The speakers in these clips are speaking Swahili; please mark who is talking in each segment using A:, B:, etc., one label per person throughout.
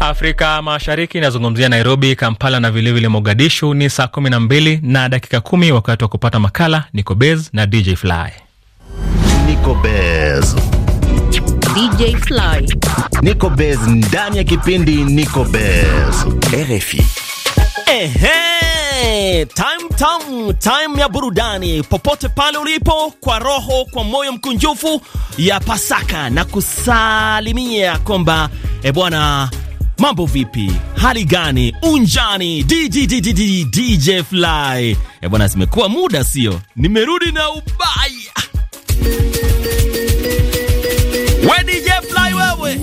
A: Afrika Mashariki inazungumzia Nairobi, Kampala na vilevile Mogadishu. Ni saa kumi na mbili na dakika kumi wakati wa kupata makala Niko Bez na DJ Fly.
B: Niko Bez. DJ Fly. Bez ndani ya kipindi
C: Niko Bez. RFI.
B: Ehe, time, time, time ya burudani popote pale ulipo, kwa roho, kwa moyo mkunjufu ya Pasaka na kusalimia kwamba e bwana Mambo vipi, hali gani, unjani DJ Fly e bwana, zimekuwa muda sio, nimerudi na ubaya we DJ Fly wewe,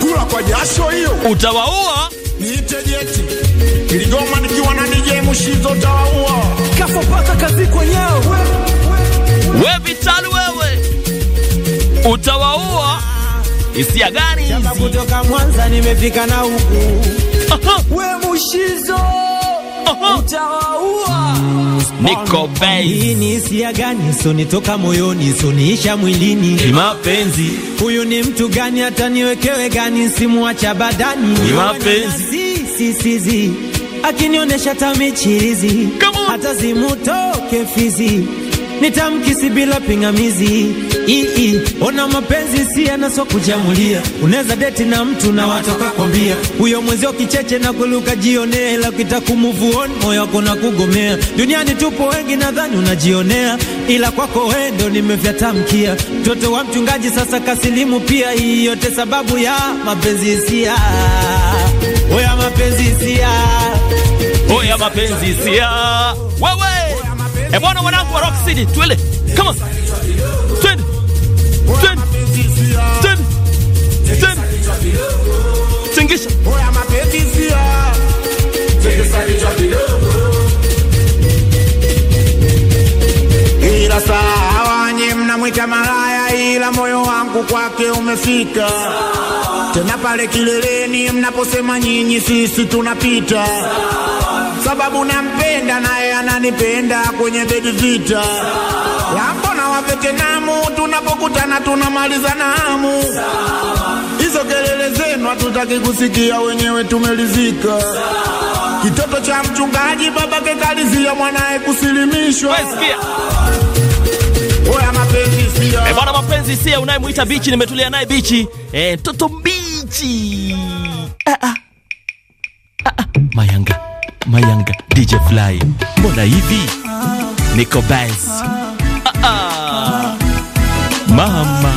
B: kula kwa jasho hiyo utawaua niite jeti Kiligoma nikiwa na DJ Mushizo utawaua kasopata kazi kwenyewe we Vitalu wewe utawaua hisia gani hizi? Kutoka
A: Mwanza nimefika na huku,
B: we mushizo utawaua. Niko
A: ni hisia gani? Soni toka
B: moyoni, soniisha mwilini, ni mapenzi. Huyu ni mtu gani? hata niwekewe gani? simuacha badani, ni
A: mapenzi si. akinionyesha
B: tamichirizi hata zimutoke fizi nitamkisi bila
A: pingamizi. Ii, ona mapenzi si anaso kujamulia, unaweza deti na mtu na watoka kwambia huyo mwenzio kicheche na kuluka jionea, ila ukita moyo wako na kugomea. Duniani tupo wengi, nadhani unajionea, ila kwako wendo nimevyatamkia. Mtoto wa mchungaji sasa kasilimu pia, hii yote sababu ya
B: mapenzi hisia. Oya mapenzi hisia, oya mapenzi hisia, wewe E bwana mwanangu wa Rock City, twende. Come on. Twende. Twende. Twende. Twende. Tingisha. Oya mapenzi sio. Tingisha
C: Ila sawa nye mnamwita malaya, ila moyo wangu kwake umefika tena pale kileleni mnaposema nyinyi, sisi tunapita sababu nampenda naye ananipenda kwenye bedi vita yapo na wavetinamu, tunapokutana tunamaliza namu Hizo
A: kelele zenu hatutaki kusikia, wenyewe tumelizika. Kitoto cha
B: mchungaji baba kekalizia mwanaye kusilimishwa. E, bwana mapenzi sia unayemwita bichi, nimetulia naye bichi mtoto eh, e, ah, ah. Ah, ah. Mayanga Mayanga, DJ Fly, mbona hivi niko bas ah, ah. mama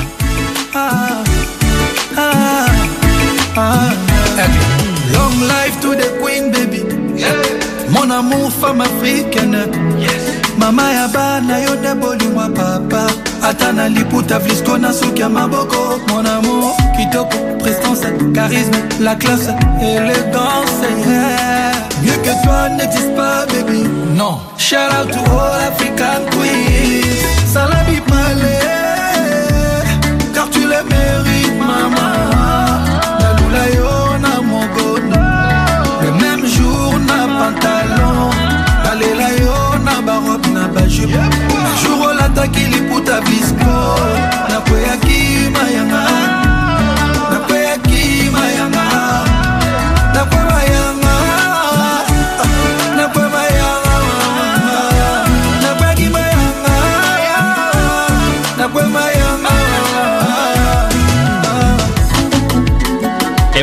D: long life to the queen baby mon amour femme africaine eh. mama ya bana yo nde bolimwa papa ata na liputa vlisco na suki ya maboko mon amour kitoko prestance charisme la classe élégance yeah. que toi n'existe pas, baby. Non. Shout out to all African queens. bi Malé, car tu le mérites, maman. Naloulayo na mogona. Le même jour na pantalon. Nalelayo na baroque na bajou. Jour au pour ta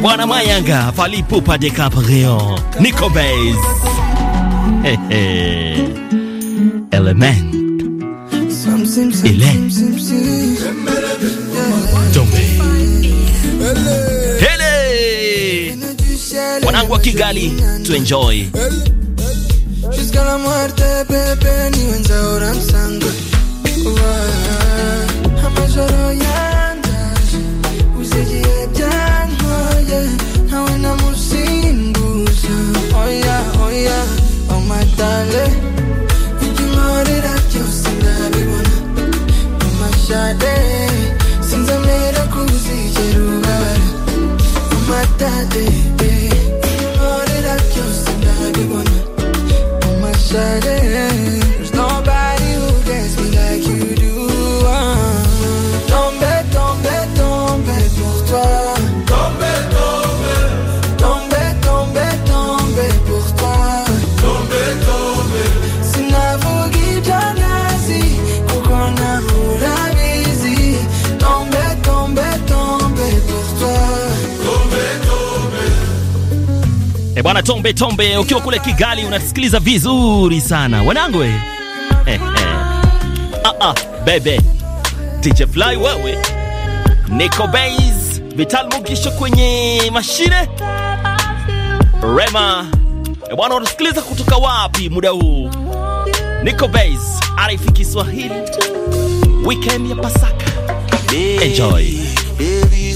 B: Mwana Mayanga Falipo Padecaprio Nico Bays Element Tombe Hele
D: Wanangu wa Kigali to enjoy Jusqu'à la muerte, bébé,
B: bwana tombe tombe, ukiwa kule Kigali unasikiliza vizuri sana wanangu eh, eh. eh. Ah, ah, bebe DJ Fly wewe, Nico Base, Vital Mugisho kwenye mashine Rema eh, bwana, unasikiliza kutoka wapi muda huu? Nico Base, arifi Kiswahili, weekend ya Pasaka, enjoy baby,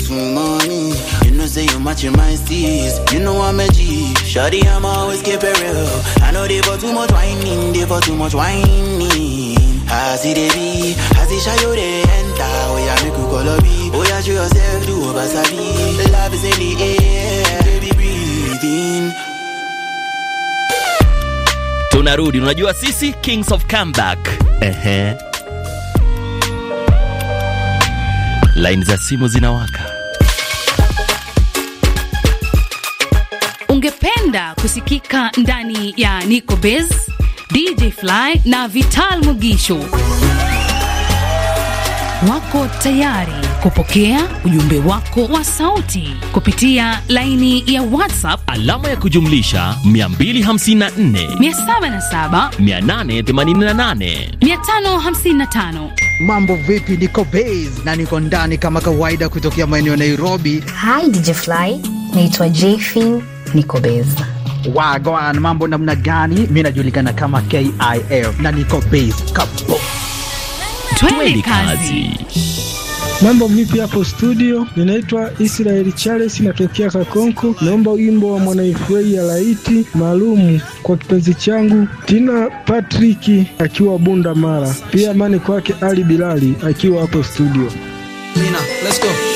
B: know say you match in my steez. You know I'm a G. Shawty, I'm always keep it real. I know they for too much whining, they for too much whining. I see they be, I see shy you they enter. Oh yeah, make you call a me. Oh yeah, show yourself, do over sabi. Love is in the air, baby breathe in. Tunarudi, unajua sisi Kings of Comeback. Ehe. Line za simu zinawaka.
C: Wonder kusikika ndani ya Nico Bez, DJ Fly na Vital Mugisho wako tayari kupokea ujumbe wako wa sauti
B: kupitia laini ya WhatsApp alama ya kujumlisha 254 77 Mambo vipi? Niko base na niko ndani kama kawaida kutokea maeneo ya Nairobi. Hi DJ Fly, naitwa Jfin niko base. Wagwan, mambo namna gani? Mi najulikana kama KIF na niko base kapo.
A: kazi. Mambo vipi hapo studio? Ninaitwa Israel Charles, natokea Kakonko. Naomba wimbo wa mwanaifurei ya laiti maalum kwa kipenzi changu Tina Patrick akiwa Bunda Mara, pia mani kwake Ali Bilali akiwa hapo studio.
D: Nina, let's go.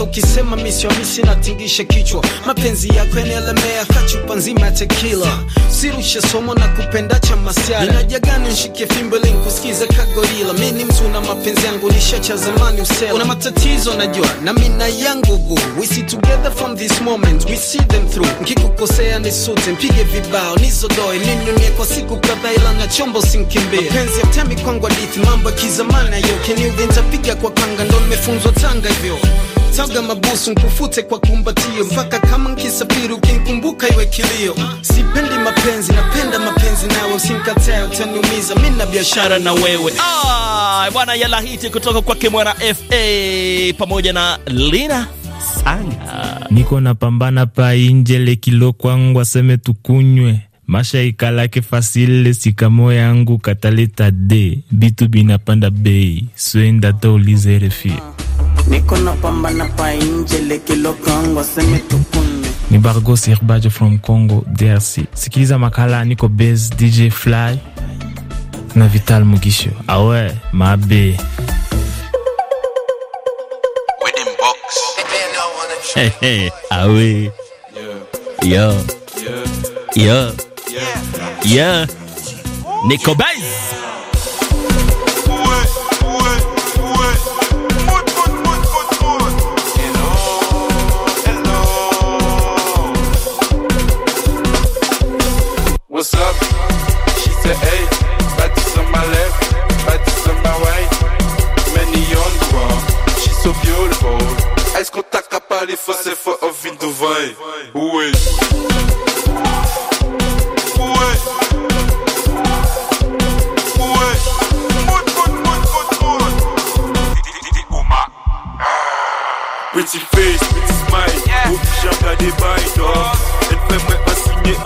B: Sasa ukisema misi wa misi
A: natingisha kichwa, mapenzi yako yanaelemea kachupa nzima ya tekila. Sirushe somo na kupenda cha masiara, inajagani nshike fimbo ili nikusikize kagorila. Mi ni mtu na mapenzi yangu nishacha zamani usela, una matatizo najua na mina yangu gu We see
B: together from this moment, we see them through. Nkikukosea sute mpige vibao nizodoe, ninunie kwa siku kadhaa, ila na chombo sinkimbie. Mapenzi yatemi kwangu hadithi, mambo ya kizamani ayo, keniudhi ntapiga kwa kanga, ndo nimefunzwa Tanga hivyo taga mabusu nkufute kwa kumbatio mpaka kama nkisafiri ukinkumbuka iwe kilio sipendi mapenzi napenda mapenzi nawe usinkatae utaniumiza mi na biashara na wewe ah, bwana yala hiti kutoka kwake mwana fa pamoja na lina sanga
A: niko napambana pa inje lekilo kwangu waseme tukunywe masha ikalake fasile sikamo yangu kataleta de bitu binapanda bei swenda ta ulize refie niko napambana pa nje lekilo Kongo waseme tukune ni Bargos Herbaje from Congo DRC. Sikiliza makala niko base DJ Fly na Vital Mugisho.
B: Awe mabe awe yo yo yo, Niko base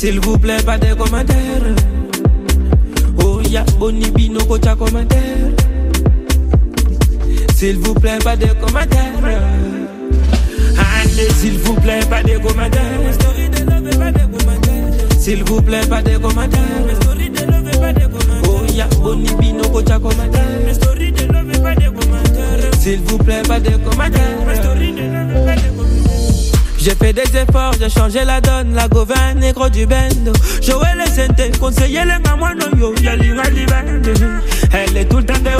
A: S'il vous plaît, pas de commentaires. Oh ya, bonibino, kocha commentaire. S'il vous plaît, pas de commentaires. Allez, s'il vous plaît, pas de commentaires. S'il vous plaît, pas de commentaires. Oh ya, Bonibino pas de S'il vous plaît, pas de commentaires. J'ai fait des efforts, j'ai changé la donne, la gouverne, négro du bendo. Joël les Sente, conseiller les mamans, non, yo, y'a Elle est tout le temps de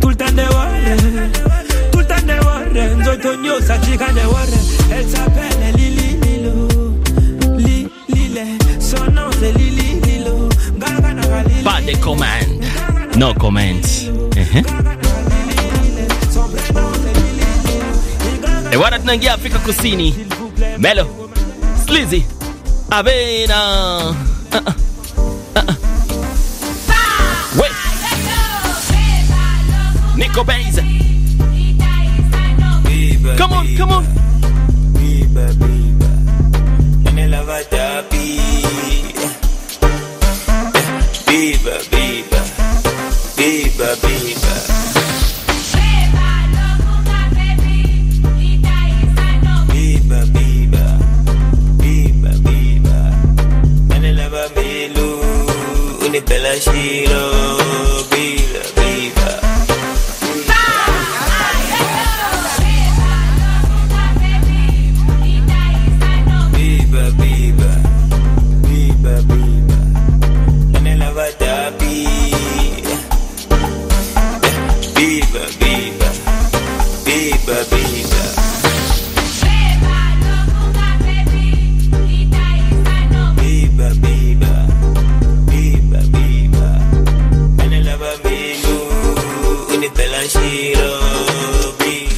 A: tout le temps de tout le temps de ça de Elle s'appelle Lili Lilo, Lili, son nom c'est Lili Lilo.
B: Pas de commande, no commandes. Uh-huh. Ewana, eh, tunaingia Afrika Kusini. Melo Slizi Avena uh -uh. Uh -uh. Nico Bays.
A: Come on, come on. Biba, biba. Ninalavata biba. Biba, biba. Biba, biba. that she loves.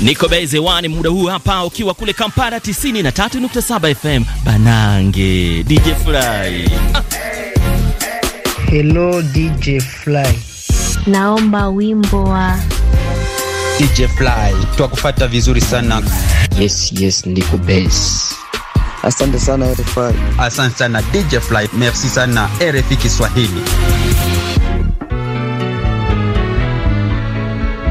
B: Niko bezewani muda huu hapa ukiwa kule Kampala 93.7 FM Banange DJ Fly.
D: Hello DJ Fly.
C: Naomba wimbo wa
A: DJ Fly. Twakufata vizuri sana. Yes, yes, niko base.
B: Asante sana RFI. Asante sana DJ Fly. Merci sana RFI Kiswahili.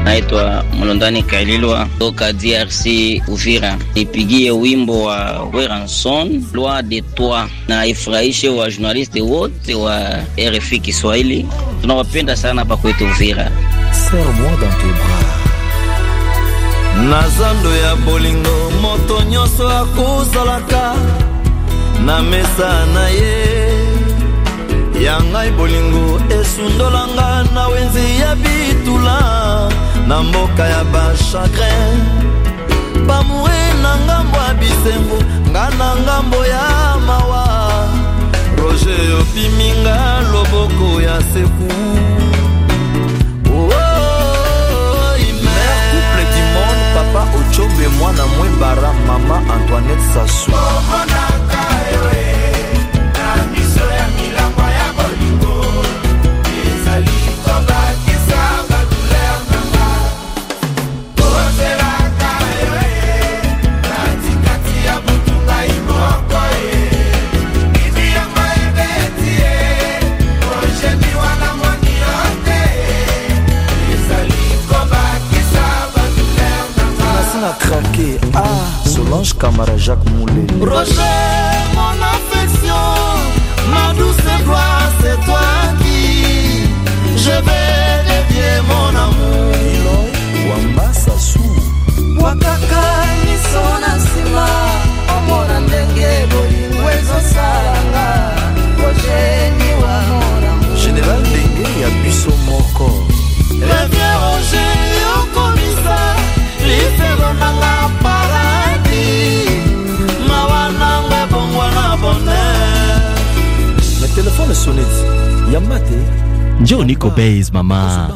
A: naitwa Mlondani Kaililwa toka DRC Uvira. Nipigie wimbo wa
B: Weranson Loi de Toi na ifurahishe wa journaliste wote wa RFI Kiswahili, tunawapenda sana pa kwetu Uvira. na zando ya bolingo moto nyonso akozalaka na mesa na ye ya ngai bolingo esundolanga na wenze ya bitula na mboka ya bachagrin bamoure na ngambo ya bisengo nga na ngambo ya mawa roje opimi nga loboko ya seku oh, oh, oh, papa ochombe mwana mwebara mama antoinette sasu oh, Jacques Moulet.
D: Roger, mon affection, ma douce gloire, c'est toi qui. Je vais dédier mon amour. Wakaka,
B: Yo Nico Bass, mamá.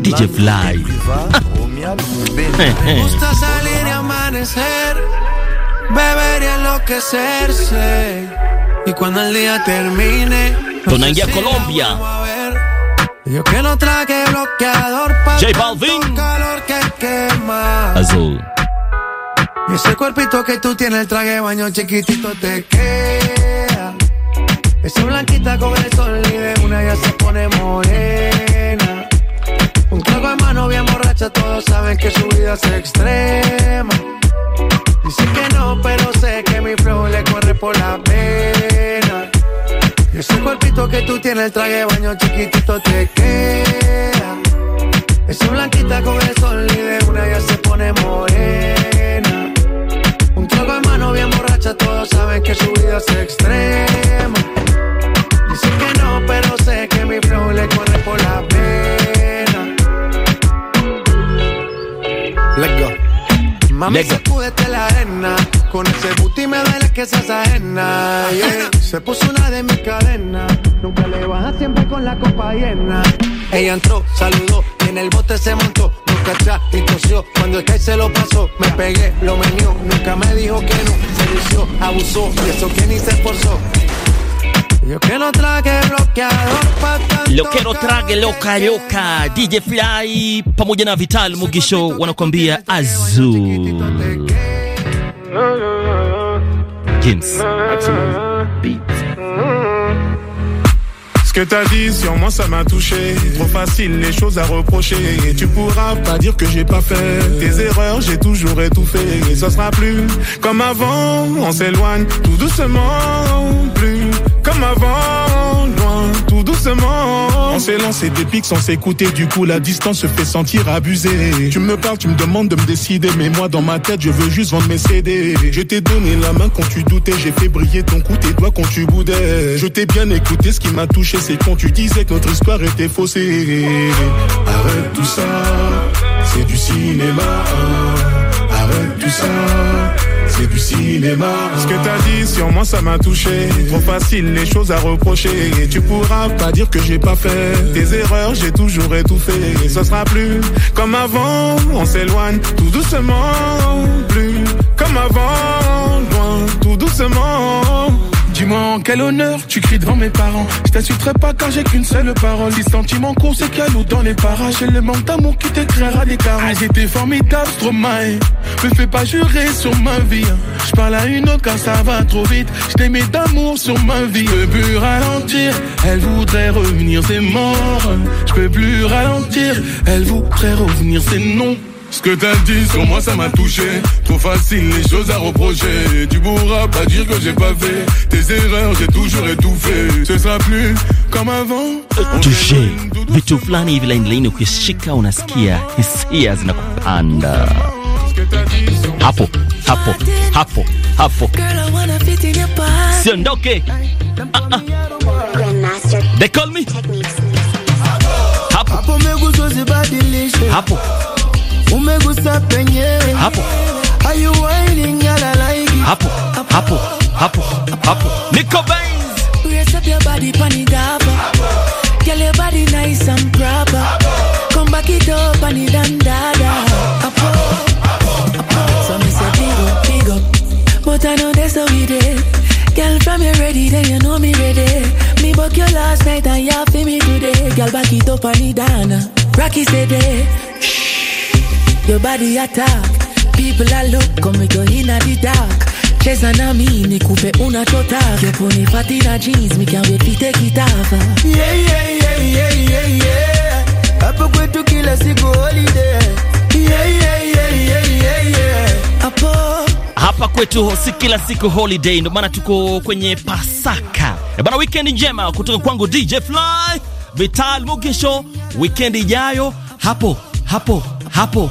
B: DJ Fly.
C: Me gusta salir y amanecer, beber y enloquecerse. Y cuando el día termine, con no Colombia. Yo que no traje bloqueador para el calor que quema. Azul. ese cuerpito que tú tienes, el traje baño chiquitito te queda. Esa blanquita con el sol y una ya se pone morena. Un trago en mano bien borracha, todos saben que su vida es extrema. Dicen que no, pero sé que mi flow le corre por la pena. Y ese cuerpito que tú tienes, el traje baño chiquitito te queda Mami, sacúdete la arena. Con ese booty me duele que se ajena. Se puso una de mis cadenas. Nunca le baja siempre con la copa llena. Ella entró, saludó y en el bote se montó. Nunca atrás y tosió. Cuando el que se lo pasó, me pegué, lo menió. Nunca me dijo que no. Se lució, abusó y eso que ni se esforzó
B: Ce que trague DJ Fly Vital
D: que t'as dit sur moi ça m'a touché Trop facile les choses à reprocher Et tu pourras pas dire que j'ai pas fait Tes erreurs j'ai toujours étouffé Et ça sera plus comme avant On s'éloigne tout doucement Plus comme avant, loin, tout doucement. On s'est lancé des pics sans s'écouter, du coup la distance se fait sentir abusée. Tu me parles, tu me demandes de me décider, mais moi dans ma tête, je veux juste vendre mes CD. Je t'ai donné la main quand tu doutais, j'ai fait briller ton cou, tes doigts quand tu boudais. Je t'ai bien écouté, ce qui m'a touché, c'est quand tu disais que notre histoire était faussée. Arrête tout ça, c'est du cinéma tout ça. C'est du cinéma. Ce que t'as dit sur moi, ça m'a touché. Trop facile, les choses à reprocher. Et tu pourras pas dire que j'ai pas fait. des erreurs, j'ai toujours étouffé. Et ce sera plus comme avant. On s'éloigne tout doucement. Plus comme avant. Loin, tout doucement Dis-moi en quel honneur tu cries devant mes parents. Je t'insulterai pas quand j'ai qu'une seule parole. Les sentiments courts, c'est dans les parages. Et le manque d'amour qui t'écrira des carences. J'étais formidable, Stromae. Me fais pas jurer sur ma vie. Je parle à une autre car ça va trop vite. Je t'aimais d'amour sur ma vie. Je peux plus ralentir, elle voudrait revenir, c'est mort. Je peux plus ralentir, elle voudrait revenir, c'est non. Ce que t'as dit sur moi ça m'a touché Trop facile les choses à reprocher Tu pourras pas dire que j'ai pas fait Tes erreurs j'ai toujours étouffé Ce sera plus comme avant Touché
B: vitu fulani hivi laini laini ukishika unasikia hisia zinakupanda hapo hapo hapo hapo siondoke ah, ah. they call me hapo hapo
C: umegusa penyewe hapo
B: hapo hapo hapo hapo
C: niko Brace up your body pani daba Girl your body nice and proper Come back it up pani dandada Hapo. So me say big up, big up But I know there's how we did Girl from you ready then you know me ready Me book you last night and you feel me today Girl back it up pani dana Rocky say day eh. Your body attack, people are look, come we go in at the dark. Cheza na mi ni una nikupe unachotaka, yapone pati na jeans, mi kia wepi to take Yeah, yeah, yeah, yeah, yeah, yeah. Hapo kwetu kila siku holiday. Yeah, yeah, yeah, yeah, yeah, yeah. Hapo
B: hapa kwetu si kila siku holiday, ndo maana tuko kwenye Pasaka. E bana, weekend njema kutoka kwangu DJ Fly Vital Mugisho. Weekend ijayo hapo hapo hapo